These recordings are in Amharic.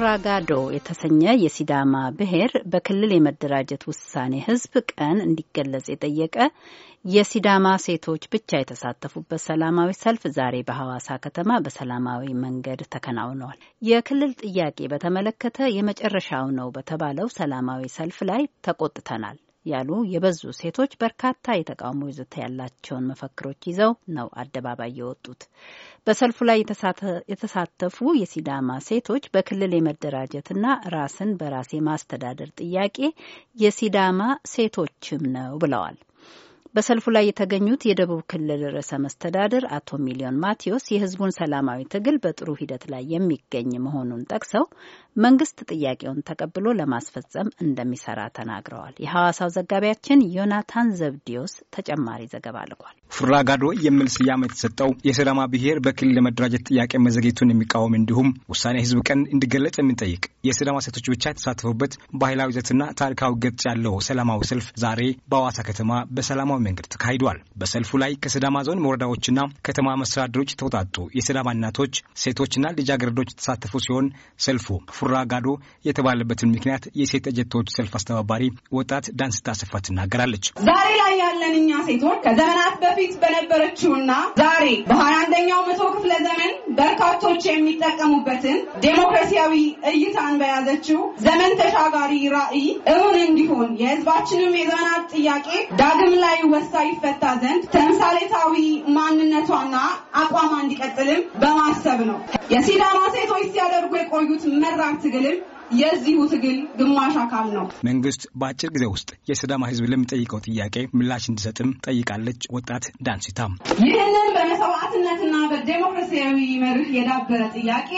ኡራጋዶ የተሰኘ የሲዳማ ብሔር በክልል የመደራጀት ውሳኔ ህዝብ ቀን እንዲገለጽ የጠየቀ የሲዳማ ሴቶች ብቻ የተሳተፉበት ሰላማዊ ሰልፍ ዛሬ በሐዋሳ ከተማ በሰላማዊ መንገድ ተከናውኗል። የክልል ጥያቄ በተመለከተ የመጨረሻው ነው በተባለው ሰላማዊ ሰልፍ ላይ ተቆጥተናል ያሉ የበዙ ሴቶች በርካታ የተቃውሞ ይዘታ ያላቸውን መፈክሮች ይዘው ነው አደባባይ የወጡት። በሰልፉ ላይ የተሳተፉ የሲዳማ ሴቶች በክልል የመደራጀትና ራስን በራስ የማስተዳደር ጥያቄ የሲዳማ ሴቶችም ነው ብለዋል። በሰልፉ ላይ የተገኙት የደቡብ ክልል ርዕሰ መስተዳድር አቶ ሚሊዮን ማቴዎስ የህዝቡን ሰላማዊ ትግል በጥሩ ሂደት ላይ የሚገኝ መሆኑን ጠቅሰው መንግስት ጥያቄውን ተቀብሎ ለማስፈጸም እንደሚሰራ ተናግረዋል። የሐዋሳው ዘጋቢያችን ዮናታን ዘብዲዮስ ተጨማሪ ዘገባ ልኳል። ፉራጋዶ የሚል ስያሜ የተሰጠው የሲዳማ ብሔር በክልል ለመደራጀት ጥያቄ መዘግየቱን የሚቃወም እንዲሁም ውሳኔ ህዝብ ቀን እንዲገለጽ የሚጠይቅ የሲዳማ ሴቶች ብቻ የተሳተፉበት ባህላዊ ይዘትና ታሪካዊ ገጽ ያለው ሰላማዊ ሰልፍ ዛሬ በሐዋሳ ከተማ በሰላማዊ በሰላማዊ መንገድ ተካሂዷል። በሰልፉ ላይ ከስዳማ ዞን ወረዳዎችና ከተማ መስተዳድሮች የተውጣጡ የሲዳማ እናቶች፣ ሴቶችና ልጃገረዶች የተሳተፉ ሲሆን ሰልፉ ፉራ ጋዶ የተባለበትን ምክንያት የሴት እጀቶች ሰልፍ አስተባባሪ ወጣት ዳንስታ ስፋ ትናገራለች። ዛሬ ላይ እንችላለን እኛ ሴቶች ከዘመናት በፊት በነበረችውና ዛሬ በሀያ አንደኛው መቶ ክፍለ ዘመን በርካቶች የሚጠቀሙበትን ዴሞክራሲያዊ እይታን በያዘችው ዘመን ተሻጋሪ ራዕይ እውን እንዲሆን የህዝባችንም የዘመናት ጥያቄ ዳግም ላይ ወሳ ይፈታ ዘንድ ተምሳሌታዊ ማንነቷና አቋሟ እንዲቀጥልም በማሰብ ነው። የሲዳማ ሴቶች ሲያደርጉ የቆዩት መራር ትግልም የዚሁ ትግል ግማሽ አካል ነው። መንግስት በአጭር ጊዜ ውስጥ የሲዳማ ህዝብ ለሚጠይቀው ጥያቄ ምላሽ እንዲሰጥም ጠይቃለች። ወጣት ዳንሲታ ይህንን በመሰዋዕትነትና በዴሞክራሲያዊ መርህ የዳበረ ጥያቄ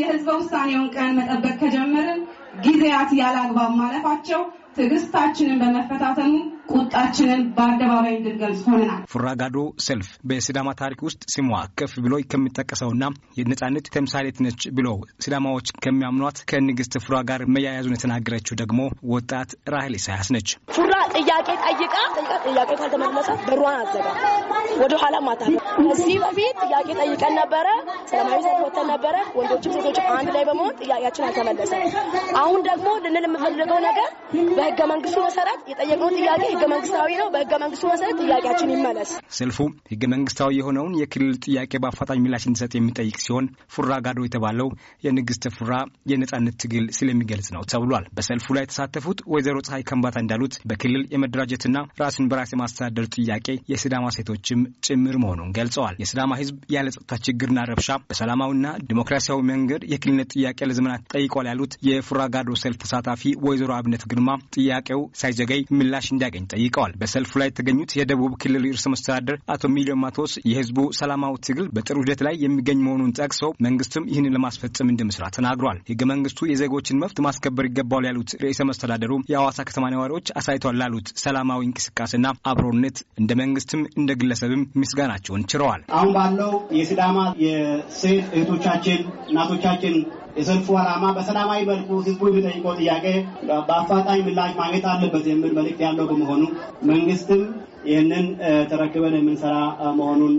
የህዝበ ውሳኔውን ቀን መጠበቅ ከጀመርን ጊዜያት ያለ አግባብ ማለፋቸው ትዕግስታችንን በመፈታተኑ ቁጣችንን በአደባባይ እንድንገልጽ ሆነናል። ፉራጋዶ ሰልፍ በሲዳማ ታሪክ ውስጥ ስሟ ከፍ ብሎ ከሚጠቀሰውና የነጻነት ተምሳሌት ነች ብሎ ሲዳማዎች ከሚያምኗት ከንግስት ፉራ ጋር መያያዙን የተናገረችው ደግሞ ወጣት ራህል ኢሳያስ ነች። ፉራ ጥያቄ ጠይቃ ጥያቄ ካልተመለሰ በሯን አዘጋ ወደ ኋላ ማታ እዚህ በፊት ጥያቄ ጠይቀን ነበረ። ሰላማዊ ሰልፍ ወተን ነበረ። ወንዶችም ሴቶች አንድ ላይ በመሆን ጥያቄያችን አልተመለሰ። አሁን ደግሞ ልንል የምፈልገው ነገር በህገ መንግስቱ መሰረት የጠየቅነው ጥያቄ ህገ መንግስታዊ ነው። በህገ መንግስቱ መሰረት ጥያቄያችን ይመለስ። ሰልፉ ህገ መንግስታዊ የሆነውን የክልል ጥያቄ በአፋጣኝ ምላሽ እንዲሰጥ የሚጠይቅ ሲሆን ፉራ ጋዶ የተባለው የንግስት ፉራ የነጻነት ትግል ስለሚገልጽ ነው ተብሏል። በሰልፉ ላይ የተሳተፉት ወይዘሮ ፀሐይ ከንባታ እንዳሉት በክልል የመደራጀትና ራስን በራስ የማስተዳደር ጥያቄ የስዳማ ሴቶችም ጭምር መሆኑን ገልጸዋል። የስዳማ ህዝብ ያለ ጸጥታ ችግርና ረብሻ በሰላማዊና ዲሞክራሲያዊ መንገድ የክልልነት ጥያቄ ለዘመናት ጠይቋል ያሉት የፉራ ጋዶ ሰልፍ ተሳታፊ ወይዘሮ አብነት ግርማ ጥያቄው ሳይዘገይ ምላሽ እንዲያገኝ እንዲገኝ ጠይቀዋል። በሰልፉ ላይ የተገኙት የደቡብ ክልል ርዕሰ መስተዳደር አቶ ሚሊዮን ማቶስ የህዝቡ ሰላማዊ ትግል በጥሩ ሂደት ላይ የሚገኝ መሆኑን ጠቅሰው መንግስትም ይህንን ለማስፈጸም እንደምስራ ተናግሯል። ህገ መንግስቱ የዜጎችን መብት ማስከበር ይገባዋል ያሉት ርዕሰ መስተዳደሩ የአዋሳ ከተማ ነዋሪዎች አሳይቷል ላሉት ሰላማዊ እንቅስቃሴና አብሮነት እንደ መንግስትም እንደ ግለሰብም ምስጋናቸውን ችረዋል። አሁን ባለው የሲዳማ የሴት እህቶቻችን እናቶቻችን የሰልፉ ዓላማ በሰላማዊ መልኩ ህዝቡ የሚጠይቀው ጥያቄ በአፋጣኝ ምላሽ ማግኘት አለበት የሚል መልእክት ያለው በመሆኑ መንግስትም ይህንን ተረክበን የምንሰራ መሆኑን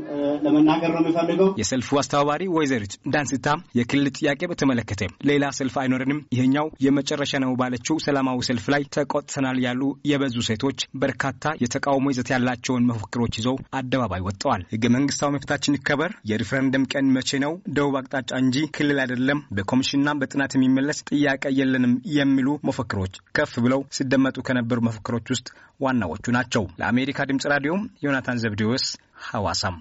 ለመናገር ነው የሚፈልገው። የሰልፉ አስተባባሪ ወይዘሪት ዳንስታ የክልል ጥያቄ በተመለከተ ሌላ ሰልፍ አይኖርንም ይሄኛው የመጨረሻ ነው ባለችው ሰላማዊ ሰልፍ ላይ ተቆጥተናል ያሉ የበዙ ሴቶች በርካታ የተቃውሞ ይዘት ያላቸውን መፈክሮች ይዘው አደባባይ ወጥተዋል። ህገ መንግስታዊ መብታችን ይከበር፣ የሪፈረንደም ቀን መቼ ነው፣ ደቡብ አቅጣጫ እንጂ ክልል አይደለም፣ በኮሚሽንና በጥናት የሚመለስ ጥያቄ የለንም የሚሉ መፈክሮች ከፍ ብለው ሲደመጡ ከነበሩ መፈክሮች ውስጥ ዋናዎቹ ናቸው። ለአሜሪካ ድምፅ ራዲዮ ዮናታን ዘብዲዎስ ሐዋሳም